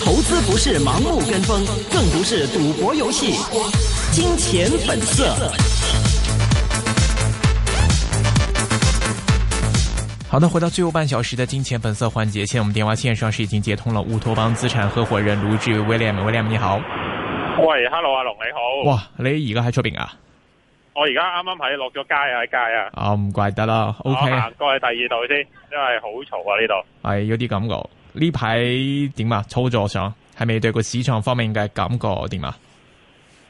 投資不是盲目跟風，更不是賭博遊戲。 金錢本色。好的，回到最後半小時的金錢本色環節，現在我們電話線上是已經接通了烏托邦資產合夥人盧志威 William，William 你好。 喂，Hello，阿龍你好。哇，你依個喺出邊啊？我而家啱啱喺落咗街啊，喺街啊！哦，唔怪得啦，OK。過去第二度先，因為好嘈啊呢度。係、哎、有啲感覺。呢排點啊？操作上係咪對個市場方面嘅感覺點啊？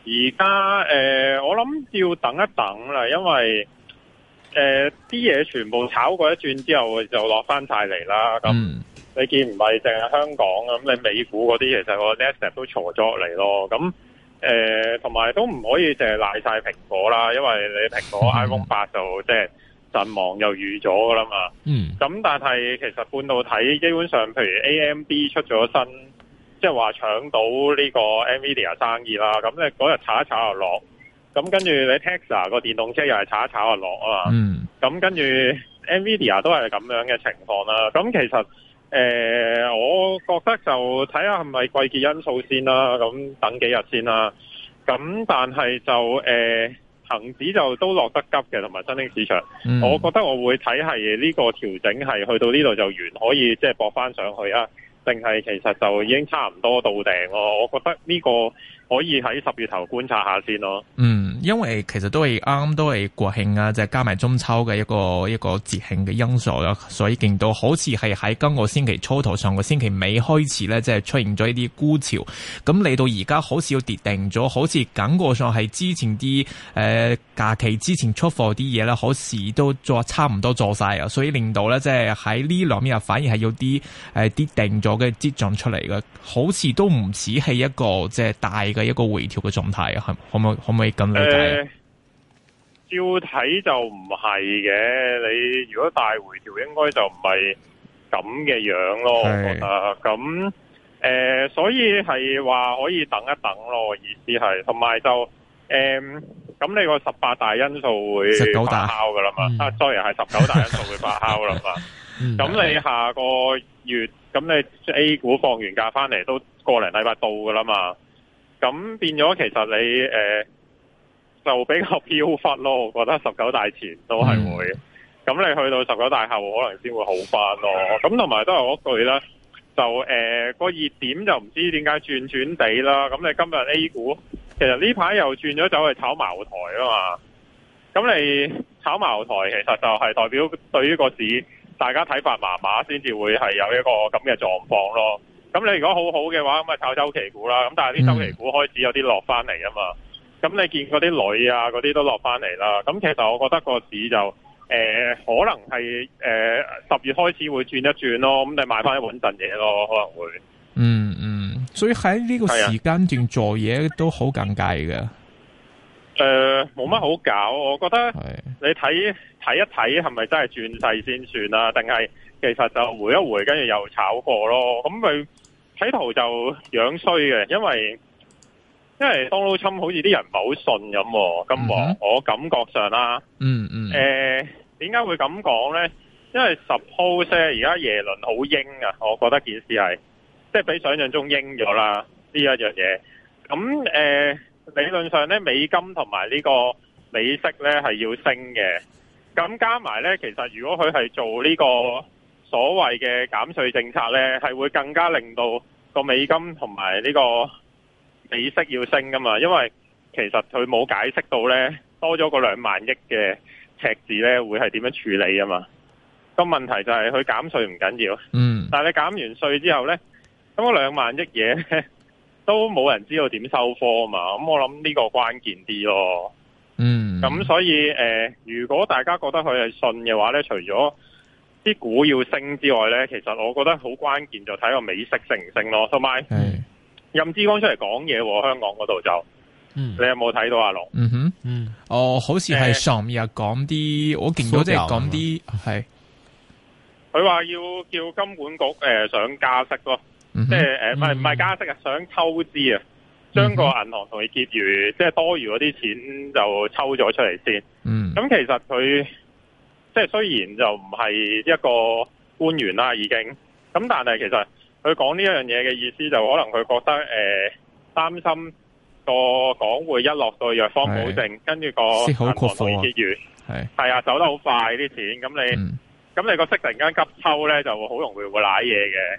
而家誒，我諗要等一等啦，因為誒啲嘢全部炒過一轉之後就，就落翻晒嚟啦。咁你見唔係淨係香港咁，你美股嗰啲其實我 next step 都挫咗落嚟咯。咁誒，同埋、呃、都唔可以淨係賴晒蘋果啦，因為你蘋果 iPhone 八就即係陣亡又預咗噶啦嘛。嗯。咁但係其實半導體基本上，譬如 AMD 出咗新，即係話搶到呢個 Nvidia 生意啦。咁你嗰日炒一炒又落，咁跟住你 Tesla 個電動車又係炒一炒又落啊嘛。嗯。咁跟住 Nvidia 都係咁樣嘅情況啦。咁其實。誒、呃，我覺得就睇下係咪季節因素先啦，咁等幾日先啦。咁但係就誒，恒、呃、指就都落得急嘅，同埋新興市場，嗯、我覺得我會睇係呢個調整係去到呢度就完，可以即係搏翻上去啊，定係其實就已經差唔多到頂咯。我覺得呢個可以喺十月頭觀察下先咯。嗯。因為其實都係啱啱都係國慶啊，即、就、係、是、加埋中秋嘅一個一個節慶嘅因素咯、啊，所以令到好似係喺今個星期初頭，上個星期尾開始咧，即、就、係、是、出現咗一啲沽潮。咁嚟到而家好似要跌定咗，好似感覺上係之前啲誒、呃、假期之前出貨啲嘢咧，好似都做差唔多做晒啊，所以令到咧即係喺呢兩日、就是、反而係有啲誒跌定咗嘅跡象出嚟嘅，好似都唔似係一個即係、就是、大嘅一個回調嘅狀態啊，可唔可可唔可以咁誒，是照睇就唔係嘅。你如果大回調，應該就唔係咁嘅樣咯。我覺得咁誒是、呃，所以係話可以等一等咯。我意思係，同埋就誒，咁、嗯、你個十八大因素會發酵噶啦嘛？啊，sorry，係十九大因素會發酵啦嘛？咁 你下個月，咁你 A 股放完假翻嚟，都過零禮拜到噶啦嘛？咁變咗，其實你誒。呃就比較飄忽咯，我覺得十九大前都係會，咁的你去到十九大後可能先會好翻咯。咁同埋都係嗰句啦，就誒、呃嗰個熱點就唔知點解轉轉地啦。咁你今日 A 股其實呢排又轉咗走去炒茅台啊嘛。咁你炒茅台其實就係代表對於個市大家睇法麻麻，先至會係有一個咁嘅狀況咯。咁你如果好好嘅話，咁咪炒周期股啦。咁但係啲周期股開始有啲落翻嚟啊嘛。嗯咁你見嗰啲女啊，嗰啲都落翻嚟啦。咁其實我覺得個市就誒、呃，可能係誒十月開始會轉一轉咯。咁你買翻一穩陣嘢咯，可能會。嗯嗯，所以喺呢個時間段做嘢都好尷尬嘅。誒、啊，冇、呃、乜好搞。我覺得你睇睇是一睇，係咪真係轉勢先算啦？定係其實就回一回，跟住又炒過咯。咁佢睇圖就樣衰嘅，因為。因為 Donald Trump 好似啲人唔係好信咁，咁我感覺上啦，誒點解會咁講呢？因為十鋪啫，而家耶倫好鷹啊，我覺得件事係即係比想像中鷹咗啦呢一樣嘢。咁誒、呃、理論上呢，美金同埋呢個美息呢係要升嘅。咁加埋呢，其實如果佢係做呢個所謂嘅減稅政策呢，係會更加令到個美金同埋呢個。美息要升噶嘛？因為其實佢冇解釋到呢，多咗個兩萬億嘅赤字呢，會係點樣處理啊嘛？個問題就係佢減稅唔緊要，嗯，但係你減完稅之後呢，咁嗰兩萬億嘢都冇人知道點收科啊嘛？咁、嗯、我諗呢個關鍵啲咯，嗯，咁所以、呃、如果大家覺得佢係信嘅話呢，除咗啲股要升之外呢，其實我覺得好關鍵就睇個美息升唔升咯，同埋。任志剛出嚟講嘢，香港嗰度就，嗯、你有冇睇到阿龍？嗯哼，嗯，哦，好似係上日講啲，欸、我見到即係講啲係，佢話是的要叫金管局誒、呃、想加息咯，即係誒，唔係唔係加息啊，想抽資啊，將個銀行同佢結餘，即係多餘嗰啲錢就抽咗出嚟先。嗯，咁其實佢即係雖然就唔係一個官員啦，已經咁，但係其實。佢講呢一樣嘢嘅意思就可能佢覺得誒擔、呃、心個港匯一落到弱方保證跟住的個銀行結餘係係啊走得好快啲錢，咁的你咁、嗯、你個息突然間急抽呢，就好容易會瀨嘢嘅。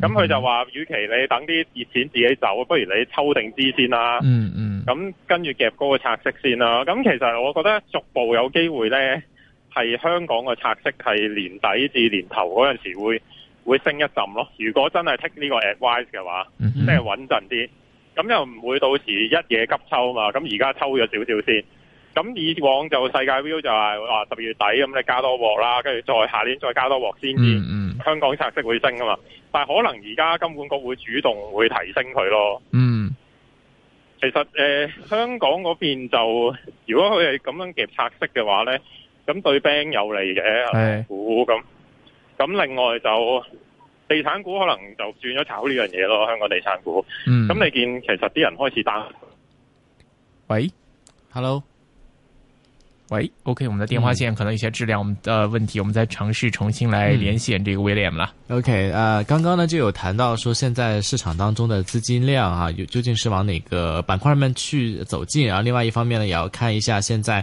咁佢、嗯、就話，與其你等啲熱錢自己走，不如你抽定支先啦、啊。嗯嗯。咁跟住夾高個拆息先啦、啊。咁其實我覺得逐步有機會呢，係香港個拆息係年底至年頭嗰陣時會。會升一浸咯，如果真係 take 呢個 advice 嘅話，mm hmm. 即係穩陣啲，咁又唔會到時一夜急抽啊嘛，咁而家抽咗少少先，咁以往就世界 view 就係話十月底，咁你多加多鑊啦，跟住再下年再多加多鑊先至，mm hmm. 香港拆息會升㗎嘛，但係可能而家金管局會主動會提升佢咯。嗯、mm，hmm. 其實誒、呃、香港嗰邊就，如果佢係咁樣夾拆息嘅話咧，咁對 bank 有利嘅，好、呃、咁。Mm hmm. 糊糊咁另外就地產股可能就轉咗炒呢樣嘢咯，香港地產股。咁、嗯、你見其實啲人開始打。喂，Hello，喂，OK，我們的電話線、嗯、可能有些質量，我們的問題，我們再嘗試重新來連線、嗯、這個 William 啦。OK，啊、呃，剛剛呢就有談到說，現在市場當中的資金量啊，有究竟是往哪個板塊面去走近，然後另外一方面呢，也要看一下現在。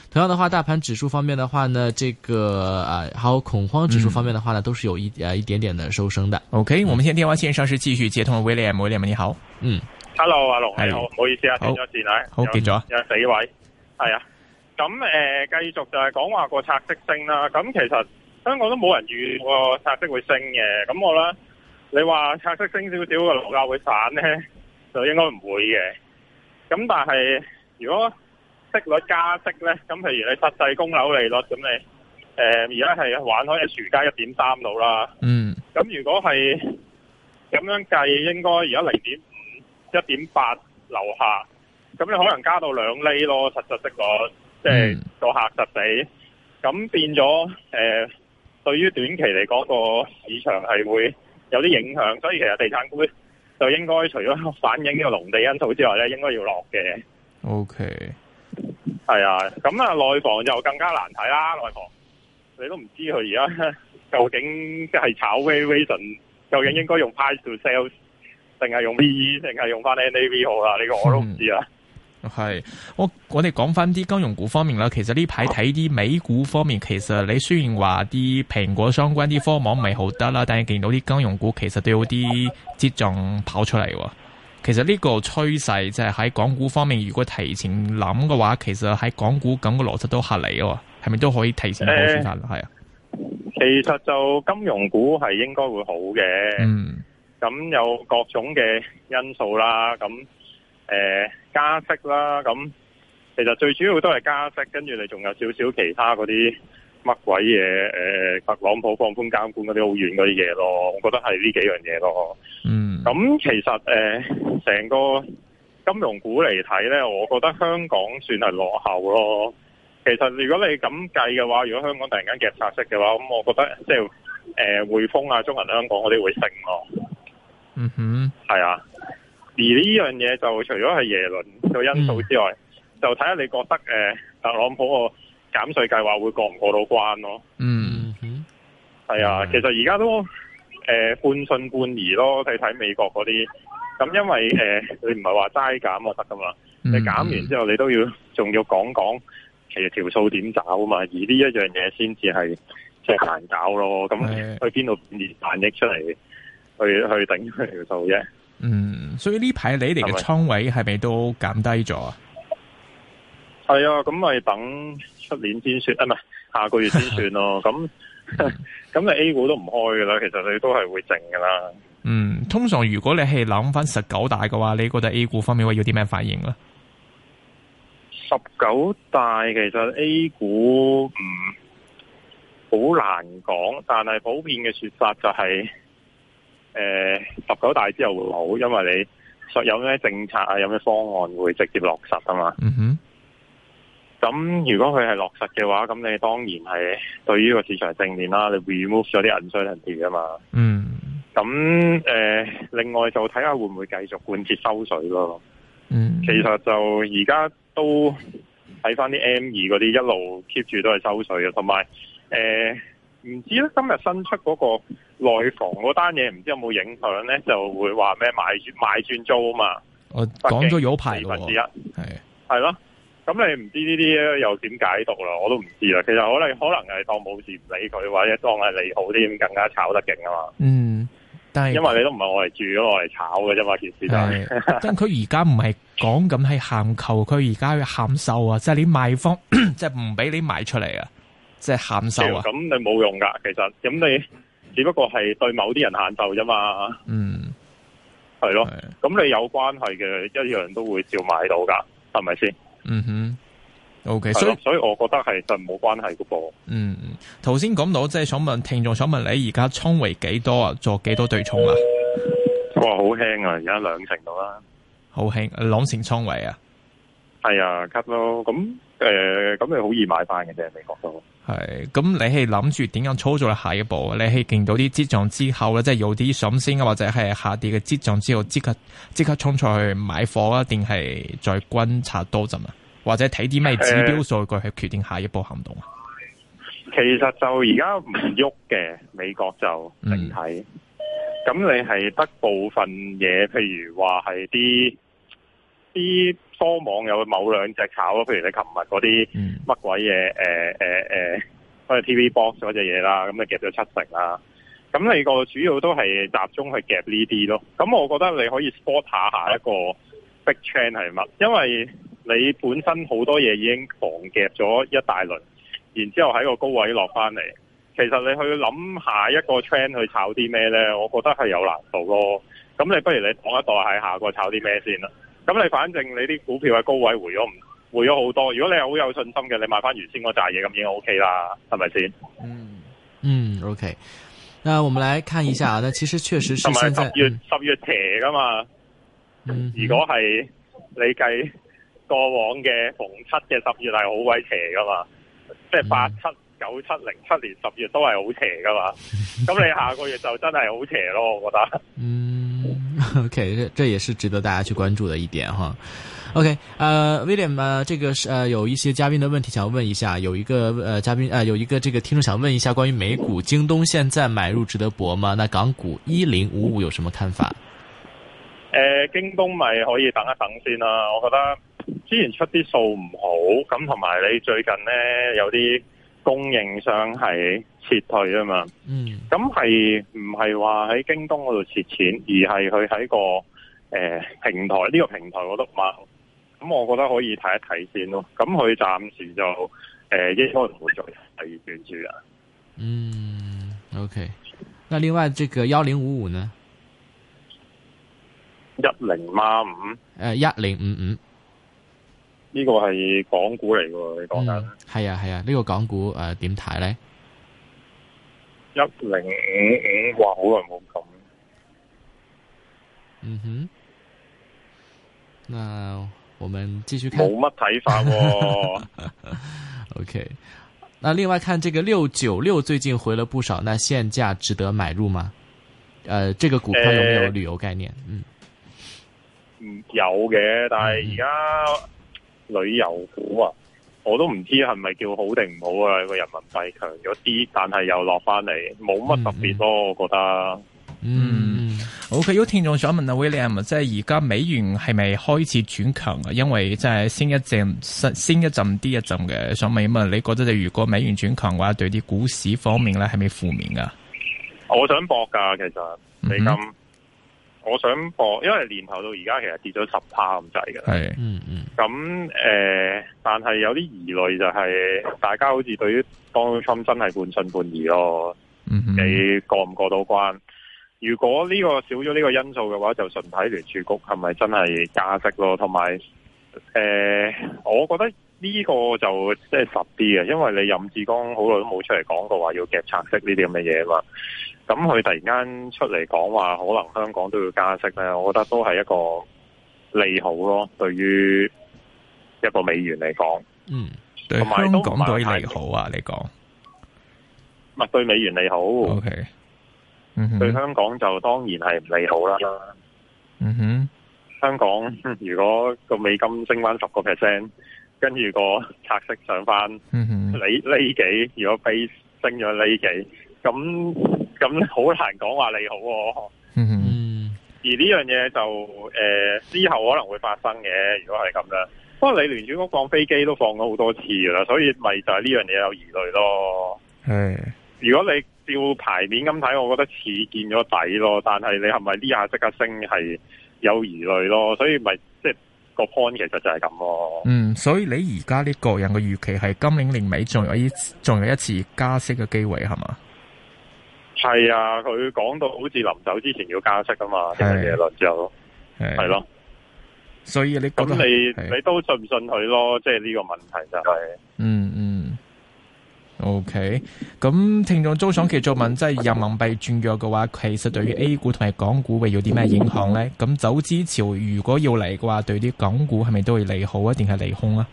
同樣的話，大盤指數方面的話呢，這個啊，還有恐慌指數方面的話呢，都是有一啊一,一點點的收升的。嗯、OK，我們現在電話線上是繼續接通 William，William William, 你好，嗯，Hello 阿龍，你好，唔好意思啊，好停咗線啦，好變咗有了，有四位，係啊，咁誒、呃，繼續就係講話個拆息升啦，咁其實香港都冇人預個拆息會升嘅，咁我咧，你話拆息升少少嘅樓價會散咧，就應該唔會嘅，咁但係如果。息率加息咧，咁譬如你實際供樓利率咁，你誒而家係玩開一除加一點三度啦。嗯。咁如果係咁樣計，應該而家零點五、一點八樓下，咁你可能加到兩厘咯。實質息率即係個客實地咁變咗誒、呃，對於短期嚟講個市場係會有啲影響，所以其實地產股就應該除咗反映呢個農地因素之外咧，應該要落嘅。O K。係啊，咁啊內房就更加難睇啦。內房你都唔知佢而家究竟即係炒 v a r i a t i o n 究竟應該用 p i c e to sales 定係用, B, 用 v e 定係用翻 NAV 好啦？呢、這個我都唔知啊。係、嗯、我我哋講翻啲金融股方面啦。其實呢排睇啲美股方面，其實你雖然話啲蘋果相關啲科網唔係好得啦，但係見到啲金融股其實都有啲跡象跑出嚟。其實呢個趨勢即係喺港股方面，如果提前諗嘅話，其實喺港股咁嘅邏輯都合理喎，係咪都可以提前好選擇係啊？其實就金融股係應該會好嘅，嗯，咁有各種嘅因素啦，咁誒、呃、加息啦，咁其實最主要都係加息，跟住你仲有少少其他嗰啲乜鬼嘢誒，特朗普放寬監管嗰啲好遠嗰啲嘢咯，我覺得係呢幾樣嘢咯，嗯。咁其實誒，成、呃、個金融股嚟睇咧，我覺得香港算係落後咯。其實如果你咁計嘅話，如果香港突然間夾殺息嘅話，咁我覺得即係誒，匯、就、豐、是呃、啊、中銀香港嗰啲會升咯。嗯哼、mm，係、hmm. 啊。而呢樣嘢就除咗係耶倫個因素之外，mm hmm. 就睇下你覺得誒、呃，特朗普個減稅計劃會過唔過到關咯？嗯哼、mm，係、hmm. mm hmm. 啊。其實而家都。誒、呃，半信半疑咯，睇睇美國嗰啲。咁因為誒、呃，你唔係話齋減就得噶嘛，你減完之後，你都要仲要講講其實條數點找嘛，而呢一樣嘢先至係即係難搞咯。咁去邊度演繹出嚟，去去頂佢條數啫。嗯，所以呢排你哋嘅倉位係咪都減低咗啊？係啊、嗯，咁咪等出年先算啊，唔係下個月先算咯。咁。咁、嗯、你 A 股都唔開噶啦，其實你都係會靜噶啦。嗯，通常如果你係諗翻十九大嘅話，你覺得 A 股方面會有啲咩反應呢？十九大其實 A 股唔好、嗯、難講，但係普遍嘅說法就係、是，誒、呃，十九大之後會好，因為你有咩政策啊，有咩方案會直接落實啊嘛。嗯哼。咁如果佢係落實嘅話，咁你當然係對於個市場正面啦，你 remove 咗啲隱衰人哋啊嘛。嗯。咁、呃、誒，另外就睇下會唔會繼續間接收水咯。嗯。其實就而家都睇翻啲 M 二嗰啲一路 keep 住都係收水嘅。同埋誒，唔、呃、知咧今日新出嗰個內房嗰單嘢，唔知有冇影響咧？就會話咩買買轉租啊嘛。我講咗有排嘅分之一。係的。係咯。咁，嗯，你唔知呢啲又點解讀啦？我都唔知啦。其實我哋可能係當冇事唔理佢，或者當係利好啲，咁更加炒得勁啊嘛。嗯，但係因為你都唔係我嚟住，我嚟炒嘅啫嘛，件事就係。但係佢而家唔係講緊係限購，佢而家要限售啊！即係你賣方，即係唔俾你賣出嚟啊！即係限售啊！咁你冇用噶，其實咁你只不過係對某啲人限售啫嘛。嗯，係咯的。咁的你有關係嘅一樣都會照買到噶，係咪先？嗯哼，OK，所以所以我覺得係就冇關係個噃。嗯，頭先講到即係、就是、想問聽眾，想問你而家倉位幾多，多啊？做幾多對沖啊？哇好輕啊，而家兩成到啦。好輕，兩成倉位啊？係啊，cut 咯。咁誒，咁你好易買翻嘅啫，美國都。係，咁你係諗住點樣操作下一步，你係見到啲跡象之後咧，即、就、係、是、有啲上升，或者係下跌嘅跡象之後，即刻即刻衝出去買貨啊？定係再觀察多陣啊？或者睇啲咩指標數據去決定下一步行動啊？其實就而家唔喐嘅，美國就整體咁、嗯、你係得部分嘢，譬如話係啲啲。多網友某兩隻炒咯，譬如你琴日嗰啲乜鬼嘢誒誒誒，好似、欸欸欸、TV Box 嗰隻嘢啦，咁你夾咗七成啦。咁你個主要都係集中去夾呢啲咯。咁我覺得你可以 spot 下下一個 big trend 係乜，因為你本身好多嘢已經狂夾咗一大輪，然之後喺個高位落翻嚟，其實你去諗下一個 trend 去炒啲咩咧，我覺得係有難度咯。咁你不如你講一,一,一個喺下個炒啲咩先啦。咁你反正你啲股票係高位回咗唔回咗好多，如果你係好有信心嘅，你買翻原先嗰扎嘢，咁已經 OK 啦，係咪先？嗯嗯，OK。嗱我們來看一下，那且其實確實是現在十月十、嗯、月邪噶嘛？嗯、如果係你計過往嘅逢七嘅十月係好鬼邪噶嘛？即係八七、九七、零七年十月都係好邪噶嘛？咁、嗯、你下個月就真係好邪咯，我覺得。嗯。OK，這這也是值得大家去關注的一點哈。OK，呃，William，啊，這個是呃有一些嘉賓的問題想要問一下，有一個呃嘉賓啊，呃，有一個這個聽眾想問一下關於美股，京東現在買入值得博嗎？那港股一零五五有什麼看法？呃，京東咪可以等一等先啦，我覺得之前出啲數唔好，咁同埋你最近呢有啲。供應商係撤退啊嘛，咁係唔係話喺京東嗰度撤錢，而係佢喺個誒、呃、平台呢、這個平台，我覺得咁，我覺得可以睇一睇先咯。咁佢暫時就誒、呃、應該唔會再第二段住啦。嗯，OK。那另外這個幺零五五呢？一零孖五誒，一零五五。呢個係港股嚟嘅，你講緊係啊係啊，呢、啊這個港股誒、呃、點睇咧？一零五五，哇好耐冇咁。嗯哼，那我們繼續看冇乜睇法，哦。 o、okay. K，那另外看這個六九六最近回了不少，那現價值得買入嗎？誒、呃，這個股票有沒有旅遊概念？呃、嗯，有嘅，但係而家。嗯旅遊股啊，我都唔知係咪叫好定唔好啊！個人民幣強咗啲，但係又落翻嚟，冇乜特別咯，啊，嗯，我覺得。嗯，OK，有聽眾想問阿 William，即係而家美元係咪開始轉強啊？因為即係先一陣，先一陣啲一陣嘅，想問一問，你覺得你如果美元轉強嘅話，對啲股市方面咧係咪負面噶？我想博噶，其實，咁我想播，因為年頭到而家，其實跌咗十趴咁滯嘅。嗯嗯。咁誒的、呃，但係有啲疑慮就係、是，大家好似對於當 o 真係半信半疑咯。你過唔過到關？如果呢、這個少咗呢個因素嘅話，就純睇聯儲局係咪真係加息咯？同埋，誒、呃，我覺得。呢個就即係實啲嘅，因為你任志剛好耐都冇出嚟講過話要夾插息呢啲咁嘅嘢嘛。咁佢突然間出嚟講話，可能香港都要加息咧，我覺得都係一個利好咯。對於一個美元嚟講，嗯，同埋香港對利好啊，你講，唔係對美元利好，O、okay. K，mm hmm. 對香港就當然係唔利好啦。嗯哼、mm，hmm. 香港如果個美金升返十個 percent。跟住個拆息上翻，你呢幾如果飛升咗呢幾，咁咁好難講話你好。嗯哼， 而呢樣嘢，就誒之、呃、後可能會發生嘅，如果係咁樣。不過你聯儲局放飛機都放咗好多次啦，所以咪就係呢樣嘢有疑慮咯。係， 如果你照牌面咁睇，我覺得似見咗底咯。但係你係咪呢下即刻升係有疑慮咯？所以咪。個 point 其實就係咁咯，嗯，所以你而家呢個人嘅預期係今年年尾仲有一仲有一次加息嘅機會係嘛？係啊，佢講到好似臨走之前要加息啊嘛，聽日嘢咯，之後咯，係咯、啊，啊、所以你咁你、啊、你都信唔信佢咯？即係呢個問題就係是、嗯，嗯嗯。O K，咁聽眾周爽期就問，即係人民幣轉弱嘅話，其實對於 A 股同埋港股會有啲咩影響呢？咁走資潮如果要嚟嘅話，對啲港股係咪都會利好啊？定係利空啊？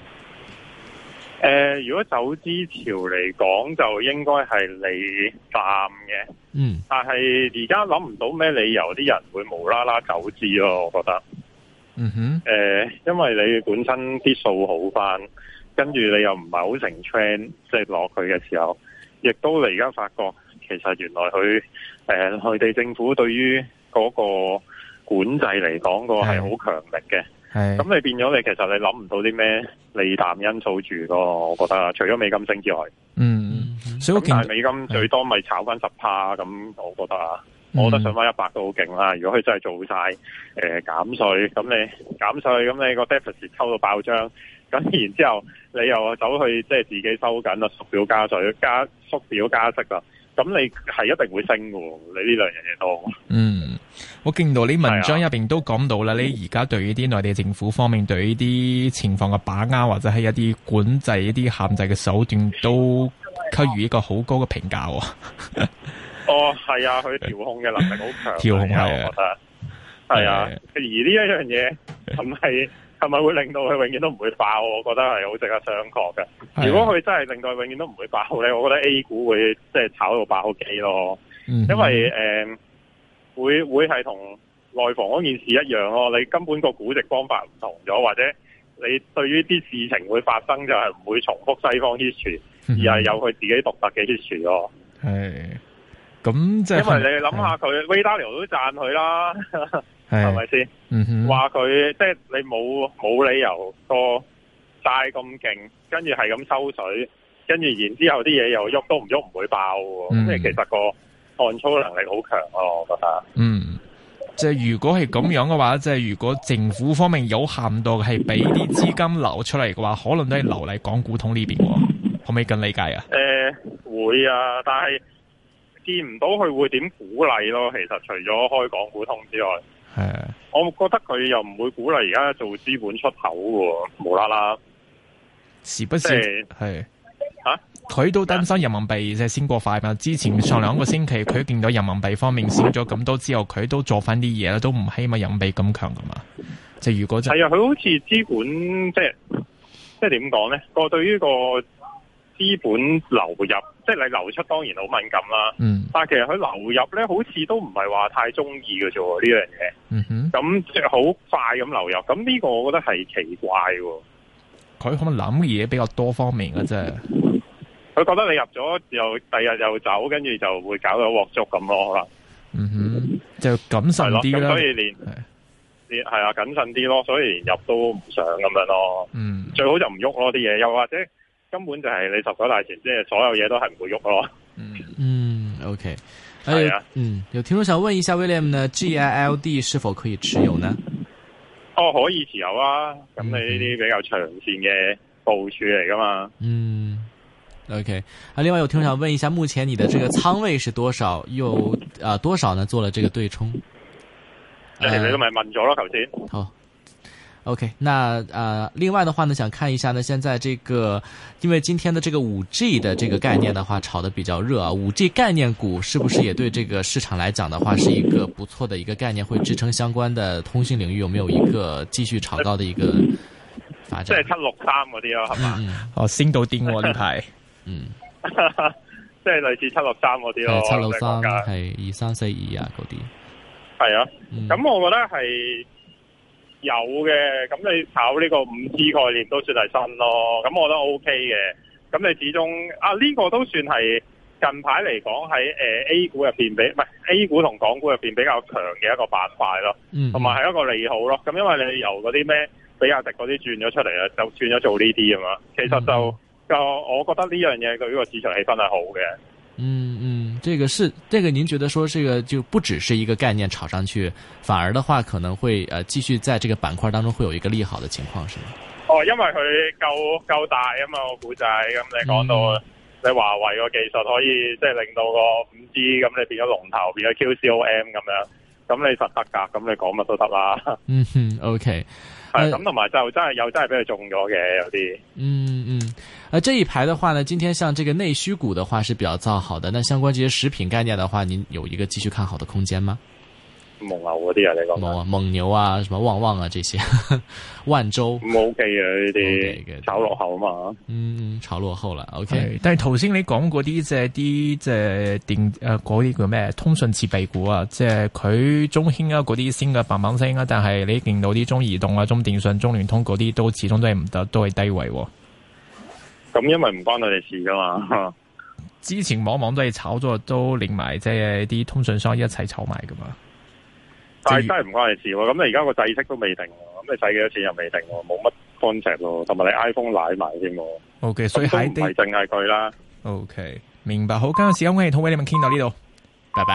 誒，如果走資潮嚟講，就應該係利淡嘅。嗯，但係而家諗唔到咩理由啲人會無啦啦走資咯，我覺得。嗯哼。誒，因為你本身啲數好翻。跟住你又唔係好成 train，即係攞佢嘅時候，亦都你而家發覺其實原來佢誒內地政府對於嗰個管制嚟講，個係好強力嘅。係咁，你變咗你其實你諗唔到啲咩利淡因素住個，我覺得除咗美金升之外，嗯，咁、嗯、但係美金最多咪炒翻十趴咁，啊、我覺得啊，嗯、我覺得上翻一百都好勁啦。如果佢真係做曬誒減稅，咁、呃、你減稅，咁你個 deficit 抽到爆張。咁然之後，你又走去即係自己收緊啦，縮表加水加縮表加息啦，咁你係一定會升喎。你呢兩樣嘢都。嗯，我見到你文章入邊都講到啦，啊、你而家對呢啲內地政府方面對呢啲情況嘅把握，或者係一啲管制、一啲限制嘅手段，都給予一個好高嘅評價。 哦，係啊，佢調控嘅能力好強，調控啊，我覺得係啊。啊啊而呢一樣嘢，唔係。係咪會令到佢永遠都唔會爆？我覺得係好值得商榷嘅。如果佢真係令到永遠都唔會爆咧，我覺得 A 股會即係炒到爆機咯。因為誒、嗯哼欸，會會係同內房嗰件事一樣咯。你根本個估值方法唔同咗，或者你對於啲事情會發生就係、是、唔會重複西方啲事，而係有佢自己獨特嘅啲事咯。係、嗯哼，咁即係因為你諗下佢，Ray Dalio 都讚佢啦。 係咪先？是是嗯哼，話佢即係你冇冇理由個債咁勁，跟住係咁抽水，跟住然之後啲嘢，又喐都唔喐唔會爆，即係、嗯、其實個按操能力好強咯，我覺得。嗯，即、就、係、是、如果係咁樣嘅話，即、就、係、是、如果政府方面有限度係俾啲資金流出嚟嘅話，可能都係留嚟港股通呢邊、啊，可唔可以更理解啊？誒、呃，會啊，但係見唔到佢會點鼓勵咯。其實除咗開港股通之外。誒，我覺得佢又唔會鼓勵而家做資本出口嘅，無啦啦，時不時係啊？佢都擔心人民幣即係先過快嘛。之前上兩個星期佢 見到人民幣方面少咗咁多之後，佢都做翻啲嘢啦，都唔希望人民幣咁強㗎嘛。即係如果就係啊，佢好似資本即係即係點講咧？個對於個。資本流入，即係你流出，當然好敏感啦。嗯，但係其實佢流入咧，好似都唔係話太中意嘅啫。呢樣嘢，嗯哼，咁即係好快咁流入，咁呢個我覺得係奇怪。佢可能諗嘅嘢比較多方面嘅啫。佢覺得你入咗又第日又走，跟住就會搞到鑊粥咁咯。嗯哼，就謹慎啲啦。咁所以連，連係啊，謹慎啲咯。所以連入都唔想咁樣咯。嗯，最好就唔喐咯啲嘢，又或者。根本就係你十九大前，即係所有嘢都係唔會喐咯、嗯。嗯嗯，OK，係啊，嗯。有聽眾想問一下 William 呢，GILD 是否可以持有呢？哦，可以持有啊。咁你呢啲比較長線嘅部署嚟噶嘛？嗯，OK。啊，另外有聽眾想問一下，目前你嘅這個倉位是多少？又啊、呃、多少呢？做了這個對沖？嗯、你都咪問咗咯，頭先。哦。OK，那呃，另外的話呢，想看一下呢，現在這個，因為今天的這個五 G 的這個概念的話，炒得比較熱啊，五 G 概念股是不是也對這個市場來講的話，是一個不錯的一個概念，會支撐相關的通訊領域有沒有一個繼續炒高的一個發展？即係七六三嗰啲咯，係嘛？嗯、 哦，先導電嗰啲係， 嗯， 即係類似七六三嗰啲咯，七六三係二三四二啊，嗰啲、嗯，係啊，咁我覺得係。有嘅，咁你炒呢個五 G 概念都算係新咯，咁我覺得 O K 嘅。咁你始終啊呢、呢個都算係近排嚟講喺誒 A 股入邊比唔係 A 股同港股入邊比較強嘅一個板塊咯，同埋係一個利好咯。咁因為你由嗰啲咩比亞迪嗰啲轉咗出嚟啊，就轉咗做呢啲啊嘛。其實就、嗯、就我覺得呢樣嘢對呢個市場氣氛係好嘅、嗯。嗯嗯。這個是，這個您覺得說，這個就不只是一個概念炒上去，反而的話可能會，呃，繼續在這個板塊當中會有一個利好的情況，是嗎？哦，因為佢夠夠大啊嘛，我估計咁你講到，你華為個技術可以即係、就是、令到個五 G，咁你變咗龍頭，變咗 QCOM 咁樣，咁你實得㗎，咁你講乜都得啦。嗯哼，OK。係咁同埋就真係又真係俾佢中咗嘅有啲。嗯嗯，啊，這一排嘅話呢，今天像這個內需股的話是比較造好的，那相關這些食品概念嘅話，您有一個繼續看好的空間嗎？蒙牛嗰啲啊，你講蒙啊，蒙牛啊，什麼旺旺啊，這些萬洲，冇啊，呢啲炒落後啊嘛，嗯，炒落後啦，OK。但係頭先你講嗰啲即係啲即係電誒嗰啲叫咩？通訊設備股啊，即係佢中興啊嗰啲先嘅棒棒聲啊，但係你見到啲中移動啊、中電信、中聯通嗰啲都始終都係唔得，都係低位，啊。咁、嗯、因為唔關佢哋事噶嘛，之前往往都係炒咗，都連埋即係啲通訊商一齊炒埋噶嘛。係真係唔關你事喎，咁你而家個制式都未定喎，咁你使幾多錢又未定，冇乜 concept 咯，同埋你 iPhone 奶埋添，咁都提振下佢啦。OK，明白。好，今日時間關係，同你哋傾到呢度，拜拜。